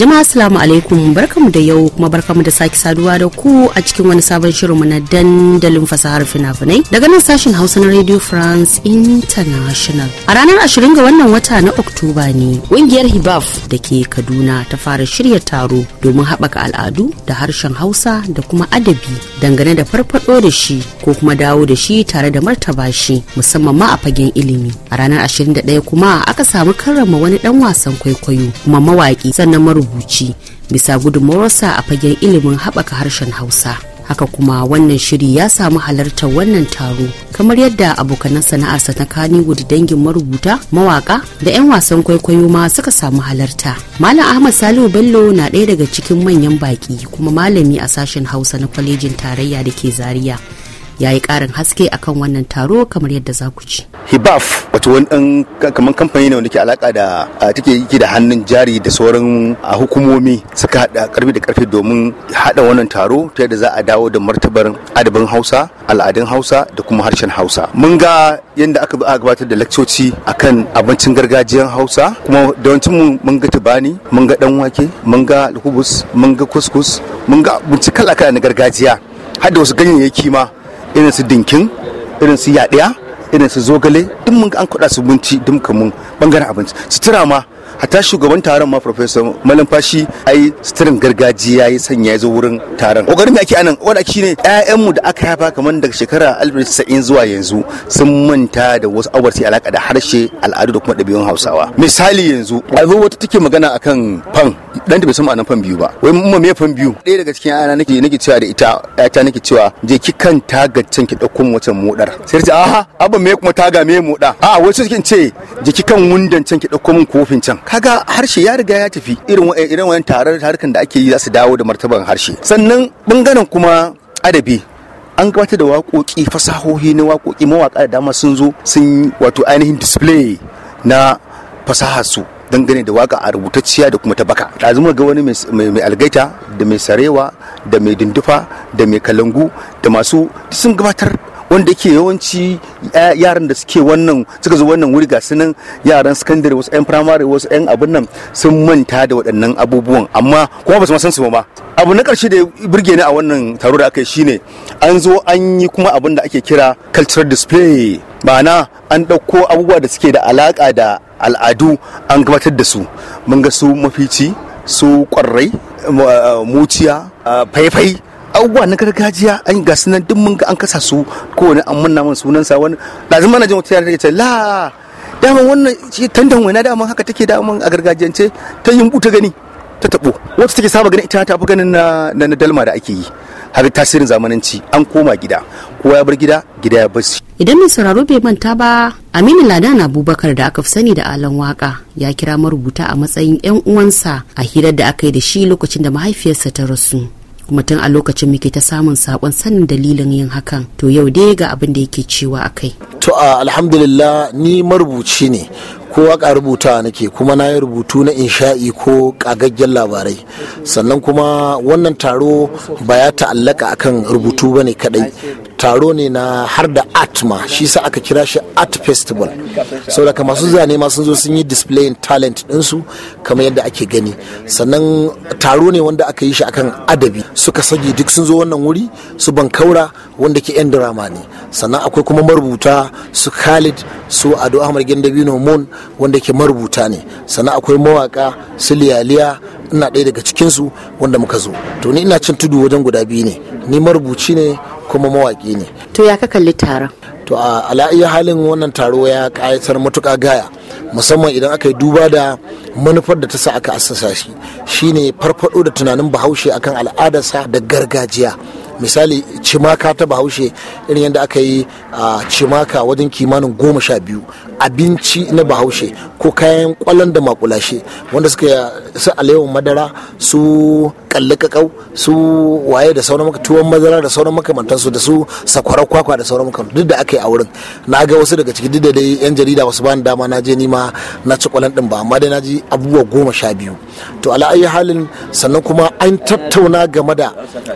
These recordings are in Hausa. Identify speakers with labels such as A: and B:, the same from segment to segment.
A: jama'a assalamu alaikum barkamu da yau kuma barkamu da sake saduwa da ku a cikin wani sabon shirinmu na dandalin fasahar fina-finai daga nan sashen hausa na radio france international a ranar 20 ga wannan wata na oktoba ne kungiyar hibaf da ke kaduna ta fara shirya taro domin haɓaka al'adu da harshen hausa da kuma adabi dangane da farfado da shi ko kuma dawo da shi tare da martaba shi musamman ma a fagen ilimi a ranar 21 kuma aka samu karrama wani dan wasan kwaikwayo kuma mawaki sannan marubuta rubuci bisa gudunmawarsa a fagen ilimin haɓaka harshen hausa haka kuma wannan shiri ya samu halartar wannan taro kamar yadda abokanan sana'arsa na kaniwood dangin marubuta mawaka da 'yan wasan kwaikwayo ma suka samu halarta malam ahmad salihu bello na ɗaya daga cikin manyan baƙi kuma malami a sashen hausa na kwalejin tarayya da ke zaria ya yi ƙarin haske akan wannan taro kamar yadda za ku ci.
B: Hibaf wato wani ɗan kamar kamfani ne wanda ke alaƙa da take yi da hannun jari da sauran hukumomi suka haɗa karfi da karfi domin haɗa wannan taro ta yadda za a dawo da martabar adabin Hausa, al'adun Hausa da kuma harshen Hausa. Mun ga yadda aka gabatar da lakcoci akan abincin gargajiyan Hausa kuma da wancan mun ga tubani, mun ga ɗan wake, mun ga alhubus, mun ga kuskus, mun ga abinci kala na gargajiya. wasu wasu ganyayyaki ma irin su dinkin irin su yaɗiya irin su zogale duk mun an kuɗa su bunci duk mun bangaren abinci sutura ma hatta shugaban taron ma professor malumfashi ai sitirin gargajiya ya sanya ya zo wurin taron kokarin me ake anan wanda ne. ƴaƴanmu da aka haifa kaman daga shekara 1990 zuwa yanzu sun manta da wasu abubuwa alaka da harshe al'adu da kuma ɗabi'un Hausawa misali yanzu zo wata take magana akan fan dan da bai san ma'anar fan biyu ba wai mun me fan biyu ɗaya daga cikin ƴaƴana nake nake cewa da ita ƴata nake cewa je ki kan tagaccen ki dauko mu wata modar sai ta aha abba me kuma taga me moda a wai sai ce je ki kan wundan can ki dauko mun kofin can kaga harshe ya riga ya tafi irin irin wayan tarar harkan da ake yi za su dawo da martaban harshe sannan bangaren kuma adabi an gabatar da waƙoƙi fasahohi na waƙoƙi mawaƙa da dama sun zo sun yi wato ainihin display na fasahar su dangane da waka a rubutacciya da kuma tabaka Da ɗazu ga wani mai algaita da mai sarewa da mai dindufa da mai kalangu da masu sun gabatar wanda ke yawanci eh, yaran da suke wannan suka zo wannan wuri ga sunan yaran sakandare wasu 'yan firamare wasu 'yan abin nan sun manta da waɗannan abubuwan amma kuma ba su san su ba abu na ƙarshe da burge ni a wannan taro da aka yi shine an zo an yi kuma abin da ake kira cultural display ma'ana an ɗauko abubuwa da suke da alaƙa da al'adu an gabatar da su mun ga su mafici su ƙwarrai eh, muciya eh, faifai abubuwa na gargajiya an yi gasu nan duk mun ga an kasa su wani an mun sunan sa wani lazim mana jin wata yara take ce la dama wannan shi tandan wani dama haka take daman a gargajiyance ta yin buta gani ta tabo wata take saba ganin ita ta fi ganin na na dalma da ake yi har tasirin zamananci an koma gida kowa ya bar gida gida ya shi.
A: idan mai sauraro bai manta ba aminu ladan abubakar da aka fi sani da alan waka ya kira marubuta a matsayin yan uwansa a hirar da aka yi da shi lokacin da mahaifiyarsa ta rasu kuma tun a lokacin muke ta samun sakon sanin dalilin yin hakan to yau dai ga abin da yake cewa akai
C: to alhamdulillah ni marubuci ne ko waka rubuta nake kuma na yi rubutu na insha'i ko kagaggen labarai sannan kuma wannan taro ba ya ta'allaka akan rubutu ba ne kadai taro ne na har da art ma shi sa aka kira shi art festival saboda masu zane ma sun zo sun yi displayin talent ɗinsu kamar yadda ake gani sannan taro ne wanda aka yi shi akan adabi suka sage duk sun zo wannan wuri su ban kaura wanda ke yan drama ne sannan akwai kuma marubuta su khalid su ado ahmad gendabino moon wanda ke marubuta ne sannan akwai mawaka su liyaliya ina ɗaya daga cikinsu wanda muka zo to ni ina cin tudu wajen guda biyu ne ni marubuci ne kuma mawaki ne to ya ka kalli taron to a ala'iya halin wannan taro ya kayatar matuƙa gaya musamman idan aka yi duba da manufar da ta sa aka assasa shi shine farfado da tunanin bahaushe akan al'adarsa da gargajiya misali cimaka ta bahaushe irin yadda aka yi a cimaka wajen kimanin goma sha biyu abinci na bahaushe ko kayan kwallon da makulashe wanda suka su alewan madara su kalli kakau su waye da sauran maka tuwon madara da sauran makamantansu da su sakwarar kwakwa da sauran makamantansu duk da aka yi a wurin na ga wasu daga ciki duk da dai yan jarida wasu bani dama na je nima na ci kwallon din ba amma dai na ji abubuwa goma sha biyu to ala halin sannan kuma an tattauna game da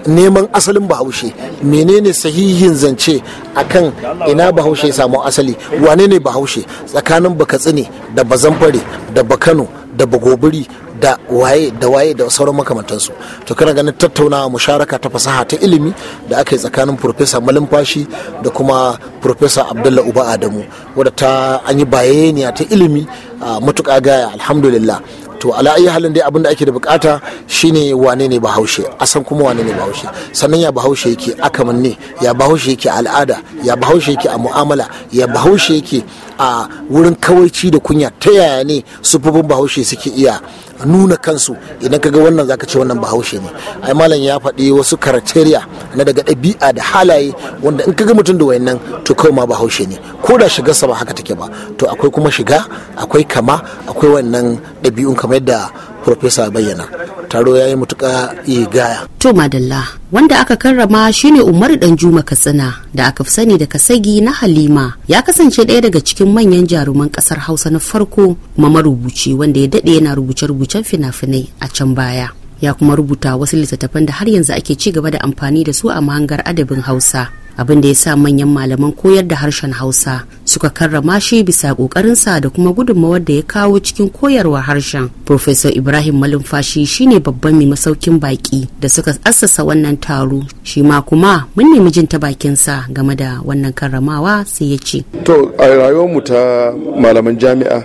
C: neman asalin bahaushe menene sahihin zance akan ina bahaushe ya samu asali wane ne bahaushe tsakanin tsini da bazanfare da bakano da bagobiri da waye da waye da sauran makamantansu to kana ganin tattaunawa musharaka ta fasaha ta ilimi da aka yi tsakanin profesa malumfashi da kuma profesa abdullah uba adamu wadda ta an yi bayaniya ta ilimi a matuƙa gaya alhamdulillah to ala ayi halin dai abinda da ake da bukata shine wane ne bahaushe a san kuma wane ne bahaushe sannan ya bahaushe yake akaman ne ya bahaushe yake al'ada ya bahaushe yake a mu'amala ya bahaushe yake a wurin kawaici da kunya ta yaya ne sufufin bahaushe suke iya nuna kansu idan ka ga wannan zaka ce wannan bahaushe ne ai malam ya faɗi wasu karateriya na daga ɗabi'a da halaye wanda in ka ga mutum da wayannan to kawai ma bahaushe ne ko da sa ba haka take ba to akwai kuma shiga akwai kama akwai wannan ɗabi'un kamar yadda Profesa bayyana. Taro ya yi mutuka yi gaya. To
A: Madalla, wanda aka karrama shine Umaru Danjuma Katsina da aka fi sani da Kasagi na Halima. Ya kasance ɗaya daga cikin manyan jaruman ƙasar Hausa na farko kuma marubuci wanda ya daɗe yana rubuce-rubucen fina-finai a can baya. ya kuma rubuta wasu littattafan da har yanzu ake ci gaba da amfani da su a mahangar adabin hausa abin da ya sa manyan malaman koyar da harshen hausa suka karrama shi bisa kokarinsa da kuma gudunmawar da ya kawo cikin koyarwa harshen professor ibrahim malumfashi shine babban mai masaukin baki da suka assasa wannan taro shi ma kuma mun nemi jin ta bakinsa game da wannan karramawa sai ya ce
D: to a rayuwarmu ta malaman jami'a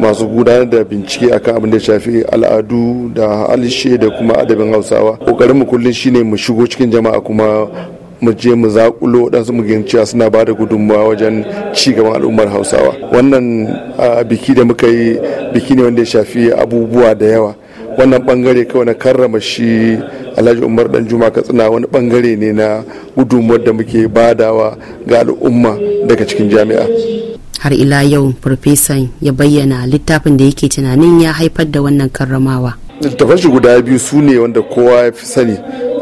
D: masu gudanar da bincike akan abin da ya shafi al'adu da halishe da kuma adabin hausawa kokarin mu kullum shine mu shigo cikin jama'a kuma mu je mu zakulo waɗansu mu cewa suna ba da gudunmawa wajen ci gaban al'ummar hausawa wannan biki da muka yi biki ne wanda ya shafi abubuwa da yawa wannan bangare kawai na karrama shi alhaji umar dan juma katsina wani bangare ne na gudunmuwar da muke badawa ga al'umma daga cikin jami'a
A: har ila yau farfesan ya bayyana littafin da yake tunanin ya haifar da wannan karramawa
D: littafan shi guda biyu su ne wanda kowa ya fi sani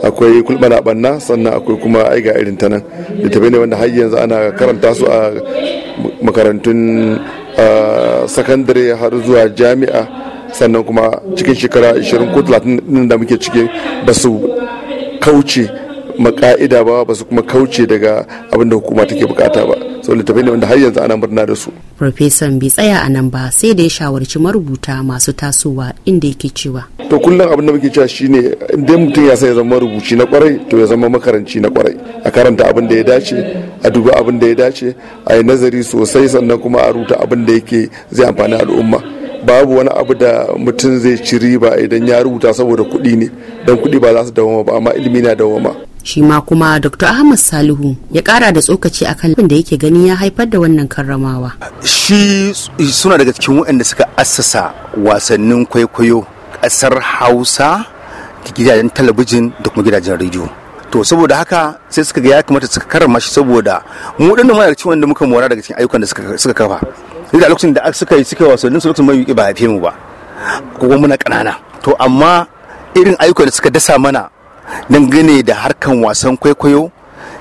D: akwai kulɓana ɓanna sannan akwai kuma aiga irin ta nan littafai ne wanda har yanzu ana karanta su a makarantun sakandare har zuwa jami'a sannan kuma cikin shekara 20 ko 30 da muke ciki ba su kauce maka'ida ba ba su kuma kauce daga abin da hukuma take bukata ba sau littafai ne wanda har yanzu ana murna da su
A: farfesan bai tsaya a nan ba sai da ya shawarci marubuta masu tasowa inda yake cewa
D: to kullum abin da muke cewa shine inda mutum ya san ya zama marubuci na kwarai to ya zama makaranci na kwarai a karanta abin da ya dace a duba abin da ya dace a yi nazari sosai sannan kuma a rubuta abin da yake zai amfani al'umma babu wani abu da mutum zai ciri ba idan ya rubuta saboda kuɗi ne dan kuɗi ba za su dawoma ba amma ilimi na dawoma
A: shi ma kuma dr ahmad salihu ya kara da tsokaci akan da yake gani ya haifar da wannan karramawa
B: shi suna daga cikin waɗanda suka assasa wasannin kwaikwayo ƙasar hausa da gidajen talabijin da kuma gidajen rediyo to saboda haka sai suka ga ya kamata suka karrama shi saboda mu wadanda muna da cikin wanda muka mora daga cikin ayyukan da suka kafa duk da lokacin da suka yi suka wasannin su lokacin mai ba haife mu ba ko muna ƙanana to amma irin ayyukan da suka dasa mana dangane da harkan wasan kwaikwayo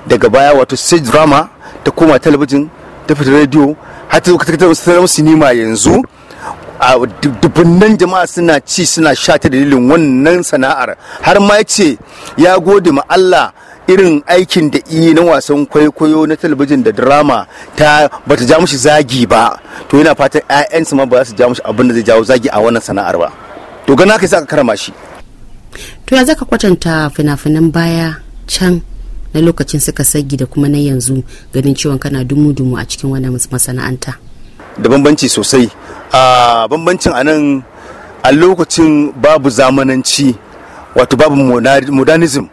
B: daga baya wato stage drama ta koma talabijin ta fita rediyo har ta zama sinima yanzu a dubunnan jama'a suna ci suna sha ta dalilin wannan sana'ar har ma ce ya gode ma Allah irin aikin da iya na wasan kwaikwayo na talabijin da drama ta bata ja mushi zagi ba to yana fatan 'ya'yansa ma ba za su ja mushi abin da zai jawo zagi a wannan sana'ar ba to gana ka sa ka karama shi
A: to ya zaka kwatanta fina-finan baya can na lokacin suka sagi da kuma na yanzu ganin ciwon kana dumu-dumu a cikin wannan masana'anta
B: da bambanci sosai a bambancin a nan a lokacin babu zamananci wato babu modernism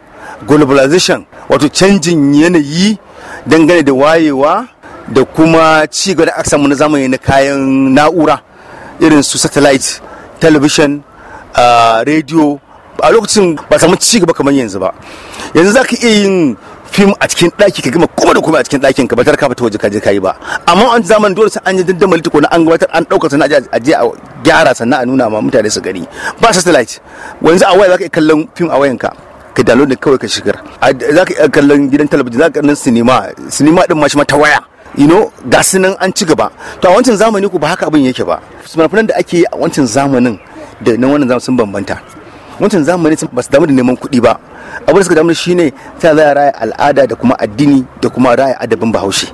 B: globalization wato canjin yanayi dangane da wayewa da kuma ci gaba da aka samu na zamani na kayan na'ura irin su satellite television uh, radio a lokacin ba samu ci gaba kamar yanzu ba yanzu za ka iya yin fim a cikin ɗaki ka gama kuma da kuma a cikin ɗakin ka ba tar ka fita waje ka je ka yi ba amma an zaman dole sai an yi dandamali ko na an gabatar an ɗaukar sana a je a gyara sannan a nuna ma mutane su gani ba satellite yanzu a waya za ka iya kallon fim a wayanka ka download ne kawai ka shigar za ka iya kallon gidan talabijin za ka kallon sinima sinima din ma shi ma ta waya you know ga sunan nan an ci gaba to a wancan zamani ku ba haka abin yake ba sunan da ake yi a wancan zamanin da na wannan zamanin sun bambanta wancan zamani ba su damu da neman kuɗi ba abin da suka damu shine ta za raya al'ada da kuma addini da kuma raya adabin bahaushe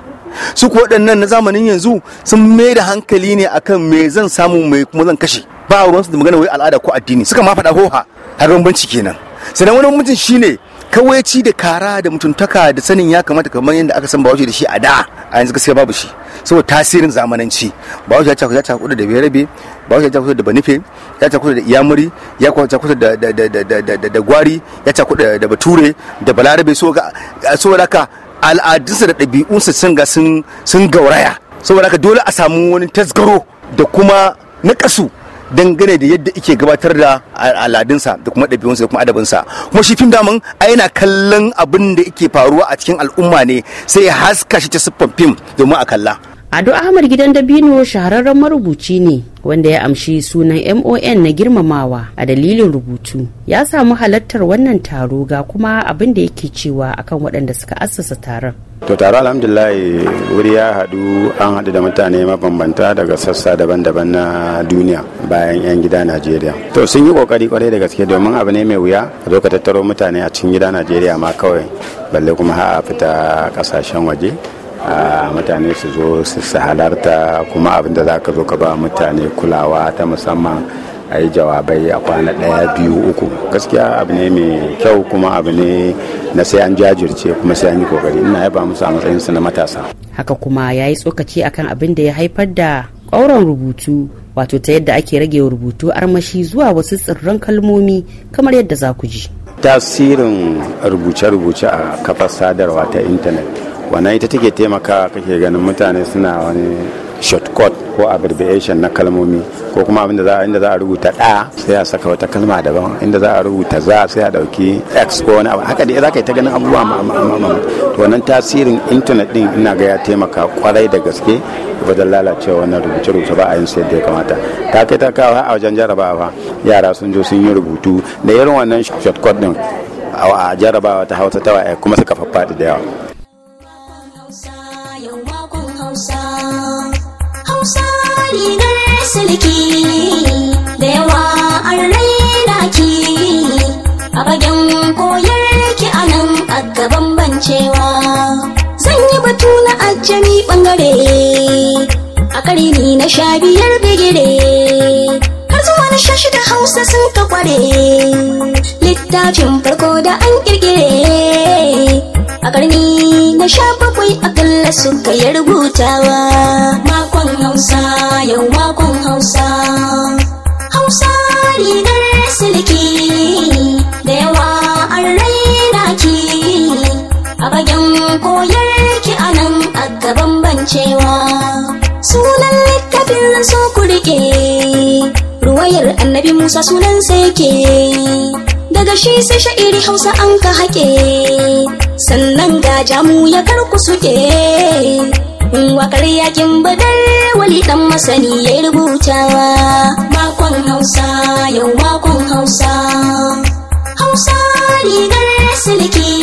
B: su kuwa waɗannan na zamanin yanzu sun mai da hankali ne akan me zan samu me kuma zan kashe ba ruwansu da magana wai al'ada ko addini suka ma faɗa hoha har bambanci kenan sannan wani mutum ne. kawaici da kara da mutuntaka da sanin ya kamata kamar yadda aka san bahaushe da shi a da a yanzu gaskiya babu shi saboda tasirin zamananci bahaushe ya cakuta cakuta da berabe bahaushe ya cakuta da banife ya cakuta da iyamuri ya cakuta da da da da da gwari ya cakuta da bature da balarabe so ga saboda haka al'adunsa da ɗabi'unsa sun ga sun gauraya saboda haka dole a samu wani tasgaro da kuma na kasu dangane da yadda ike gabatar da aladunsa da kuma ɗabi'unsa da kuma adabinsa kuma shi fim daman a yana kallon abin da ike faruwa a cikin al'umma ne sai ya haska shi ta siffan fim domin a kalla
A: Ado Ahmad gidan Dabino shahararren marubuci ne wanda ya amshi sunan MON na girmamawa a dalilin rubutu. Ya samu halartar wannan taro ga kuma abin da yake cewa akan waɗanda suka assasa taron.
E: To taro alhamdulillah wuri ya haɗu an haɗu da mutane mabambanta daga sassa daban-daban na duniya bayan 'yan gida Najeriya. To sun yi ƙoƙari kwarai da gaske domin abu ne mai wuya a zo ka tattaro mutane a cikin gida Najeriya ma kawai balle kuma ha a fita ƙasashen waje. mutane su zo su halarta kuma abin da za ka zo ka ba mutane kulawa ta musamman a yi jawabai a kwana ɗaya biyu uku gaskiya abu ne mai kyau kuma abu ne na sai an jajirce kuma sai an yi kokari ina ya ba musu a su na matasa
A: haka kuma ya yi tsokaci akan abin da ya haifar da ƙauran rubutu wato ta yadda ake rage rubutu armashi zuwa wasu tsirran kalmomi kamar yadda za ku ji
E: tasirin rubuce-rubuce a kafar sadarwa ta intanet wannan ita take taimaka kake ganin mutane suna wani shortcut ko abbreviation na kalmomi ko kuma abinda za inda za a rubuta da sai a saka wata kalma daban inda za a rubuta za sai a dauki x ko wani abu haka dai za ka yi ta ganin abubuwa ma to wannan tasirin internet din ina ga ya taimaka kwarai da gaske wajen lalacewa wannan rubuce rubuce ba a yin sai da ya kamata ta kai ta kawo a wajen jarabawa yara sun zo sun yi rubutu da irin wannan shortcut din a jarabawa ta hausa ta kuma suka faffaɗi da yawa
F: rigar silki da yawa an raina ki a bagen koyar anan a nan zan yi batu na ajami bangare a karni na sha biyar bigiri, har zuwa na sha shida hausa sun ka kware littafin farko da an ƙirƙire. a karni na sha bakwai akalla suka ya rubutawa makon hausa yau makon hausa hausa rigar siliki da yawa an raina ki a bagen koyar ki anan a gaban bancewa sunan littafin soko soyayyar annabi musa sunansa yake daga shi sai sha'iri hausa an ka haƙe sannan ga jamu ya karku suke wakar yakin badar wali dan masani ya rubutawa makon hausa yau makon hausa hausa rigar siliki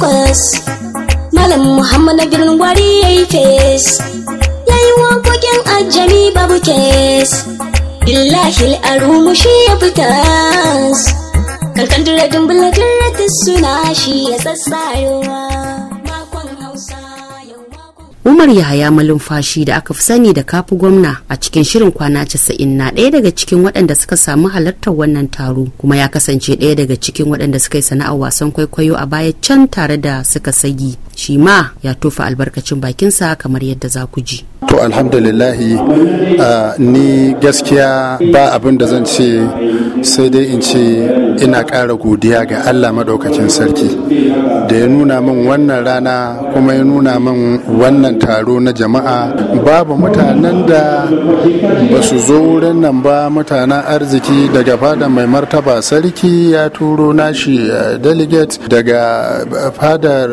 F: takwas malam muhammad na birnin gwari ya yi fes ya yi wakokin ajami babu kes billahi al'arumu shi ya fita kankan duradun bulatin suna shi ya tsatsayowa
A: Umar Yahaya malumfashi da aka fi sani da kafi gwamna a cikin shirin kwana casa'in na ɗaya daga cikin waɗanda suka samu halartar wannan taro kuma ya kasance ɗaya daga cikin waɗanda suka yi sana'ar wasan kwaikwayo a baya can tare da suka sagi shi ma ya tofa albarkacin bakinsa kamar yadda za ku ji.
G: To alhamdulillahi uh, ni gaskiya ba abin da zan ce sai dai in ce ina ƙara godiya ga Allah maɗaukacin sarki da ya nuna min wannan rana kuma ya nuna min wannan taro na jama'a babu mutanen da ba su zo wurin nan ba mutanen arziki daga fada mai martaba sarki ya turo nashi uh, delegate daga uh, fadar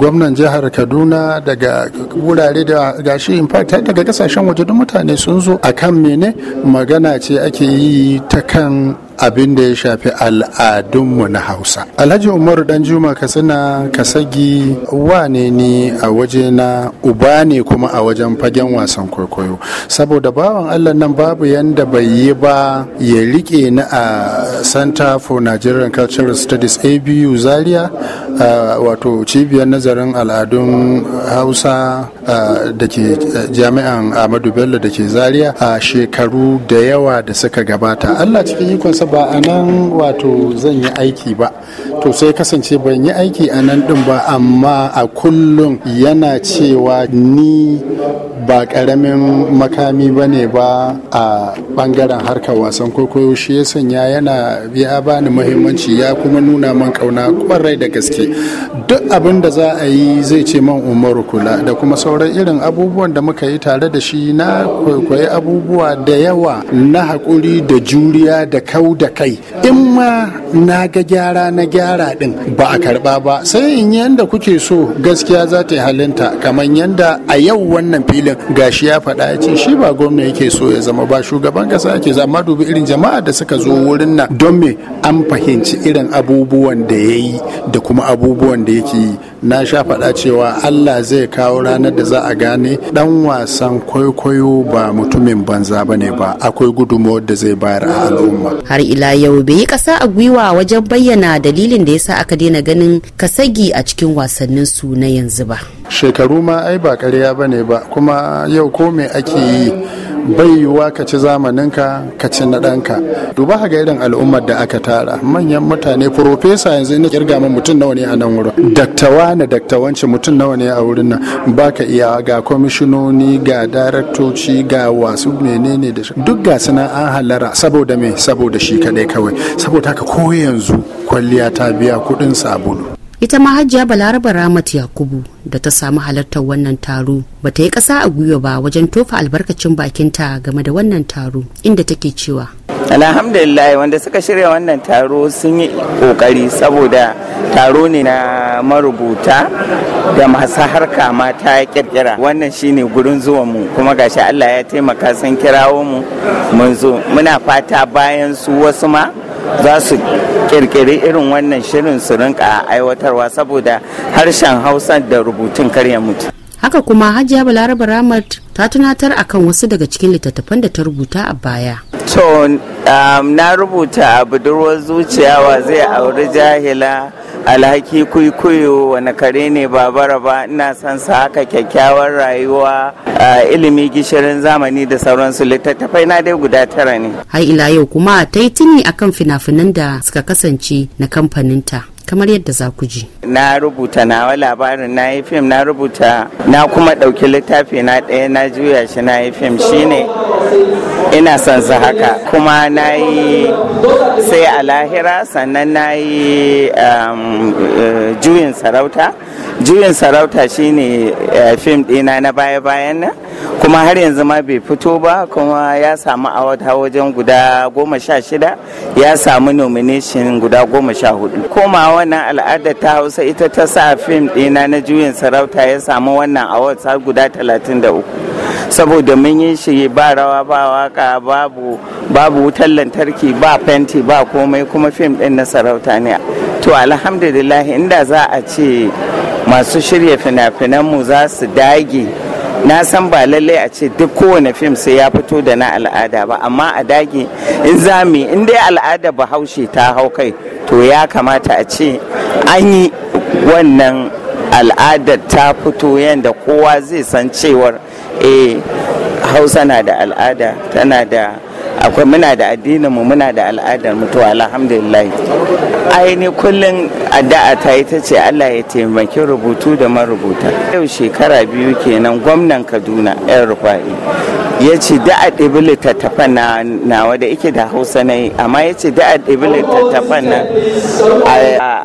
G: gwamnan jihar kaduna daga wurare da gashi in fact daga kasashen waje duk mutane sun zo akan mene magana ce ake yi ta kan abin da ya shafi al'adunmu na hausa alhaji umaru dan juma katsina kasagi wane ni a waje na uba ne kuma a wajen fagen wasan kwaikwayo saboda bawan allah nan babu yanda bai yi ba ya rike na a center for nigerian cultural studies abu zaria wato cibiyar nazarin al'adun hausa da ke jami'an ahmadu bello da ke zaria a shekaru da yawa da suka gabata allah cikin ikonsa ba a nan wato zan yi aiki ba to sai kasance ban yi aiki a nan din ba amma a kullum yana cewa ni ba karamin makami ba ne ba a bangaren harkar wasan kwaikwayo shi ya sanya yana ya bani muhimmanci ya kuma nuna man kauna kwarai da gaske duk abin da za a yi zai ce man umaru kula da kuma sauran irin abubuwan da muka yi tare da shi na kwaikwayi abubuwa da yawa na haƙuri da juriya da kau da kai in ma na ga gyara na gyara gyara din ba a karba ba sai in yanda kuke so gaskiya za ta yi halinta kamar yadda a yau wannan filin gashi ya faɗa ya ce shi ba gwamna yake so ya zama ba shugaban kasa yake zama dubi irin jama'a da suka zo wurin nan don me an fahimci irin abubuwan da ya yi da kuma abubuwan da yake yi na sha faɗa cewa Allah zai kawo ranar da za a gane dan wasan kwaikwayo ba mutumin banza ba ne ba akwai gudunmawar da zai bayar a al'umma.
A: Har ila yau bai yi ƙasa a gwiwa wajen bayyana dalilin abin da ya sa aka daina ganin kasagi a cikin wasannin su na yanzu ba
G: shekaru ma ai ba ƙarya bane ba kuma yau ko me ake yi bai yiwuwa ka ci zamaninka ka ci na ɗanka duba ga irin al'ummar da aka tara manyan mutane profesa yanzu ina kirga min mutum nawa ne a nan wurin daktawa na daktawanci mutum nawa ne a wurin nan ba ka iya ga kwamishinoni ga daraktoci ga wasu menene da duk ga suna an halara saboda me saboda shi kaɗai kawai saboda haka ko yanzu kwalliya ta biya kuɗin sabulu
A: ita ma hajjiya balaraba ramat yakubu da ta samu halartar wannan taro ba ta yi ƙasa a gwiwa ba wajen tofa albarkacin bakinta game da wannan taro inda take cewa
H: alhamdulillah wanda suka shirya wannan taro sun yi kokari saboda taro ne na marubuta da masu harka mata kirkira wannan shine gurin zuwa mu kuma gashi allah ya taimaka sun kirawo mu mun zo muna fata bayan su wasu ma za su kirkiri irin wannan shirin su rinka aiwatarwa saboda harshen hausa da rubutu kar mutu haka
A: kuma hajiya balaraba ramat ta tunatar akan wasu daga cikin littattafan da ta rubuta a baya
H: to um, na rubuta a budurwar zuciya wa zai auri jahila alhaki kuikuyo wani kare ne ba bara ba ina son sa haka kyakkyawar rayuwa ilimi gishirin zamani da sauransu littattafai na dai guda tara ne
A: Hai ila yau kuma ta yi tuni akan fina-finan da suka kasance na kamfaninta kamar yadda za ku ji.
H: Na rubuta nawa labarin na yi fim na rubuta na kuma ɗauki littafi na ɗaya na juya shi na yi fim shine ina son su haka kuma na yi sai a lahira sannan na yi um, eh, juyin sarauta juyin sarauta shine eh, fim ɗina na baya-bayan nan kuma har yanzu ma bai fito ba kuma ya samu award wajen guda goma sha shida ya samu nomination guda goma sha hudu koma wannan al'adar ta hausa ita ta sa fim ɗina na juyin sarauta ya samu wannan award sa guda talatin da uku saboda mun yi shi ba rawa ba waka babu babu wutar lantarki ba fenti ba komai kuma fim ɗin na sarauta ne to alhamdulillah inda za a ce masu shirya fina-finanmu za su dage na san ba lallai a ce duk kowane fim sai ya fito da na al'ada ba amma a dage in zami in dai al'ada bahaushe ta hau kai to ya kamata a ce an yi wannan al'adar ta fito yadda kowa zai san cewar eh hausa na da al'ada tana da akwai muna da addinin mu muna da al'adar mu to alhamdulillah aini kullum kullun addu'a ta ita ce Allah ya taimaki rubutu da marubuta yau shekara biyu kenan gwamnan Kaduna yan rufa'i ya ce da a ɗibi littattafan na nawa da ike da hausa na yi amma ya ce da a ɗibi littattafan na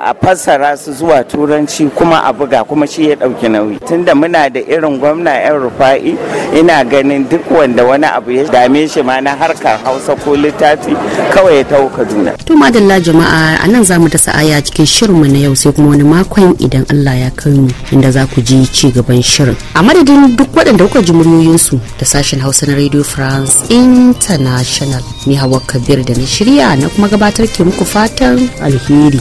H: a fassara su zuwa turanci kuma a buga kuma shi ya ɗauki nauyi tunda muna da irin gwamna yan rufa'i ina ganin duk wanda wani abu ya dame shi ma na harkar hausa ko littafi kawai ya taho kaduna.
A: to madalla jama'a a nan za mu dasa aya cikin shirin mu na yau sai kuma wani makon idan allah ya kai mu inda za ku ji ci gaban shirin a madadin duk waɗanda kuka ji muryoyinsu da sashen hausa Hausa na Radio France International. Ni Hawa Kabir da na shirya na kuma gabatar ke muku fatan alheri.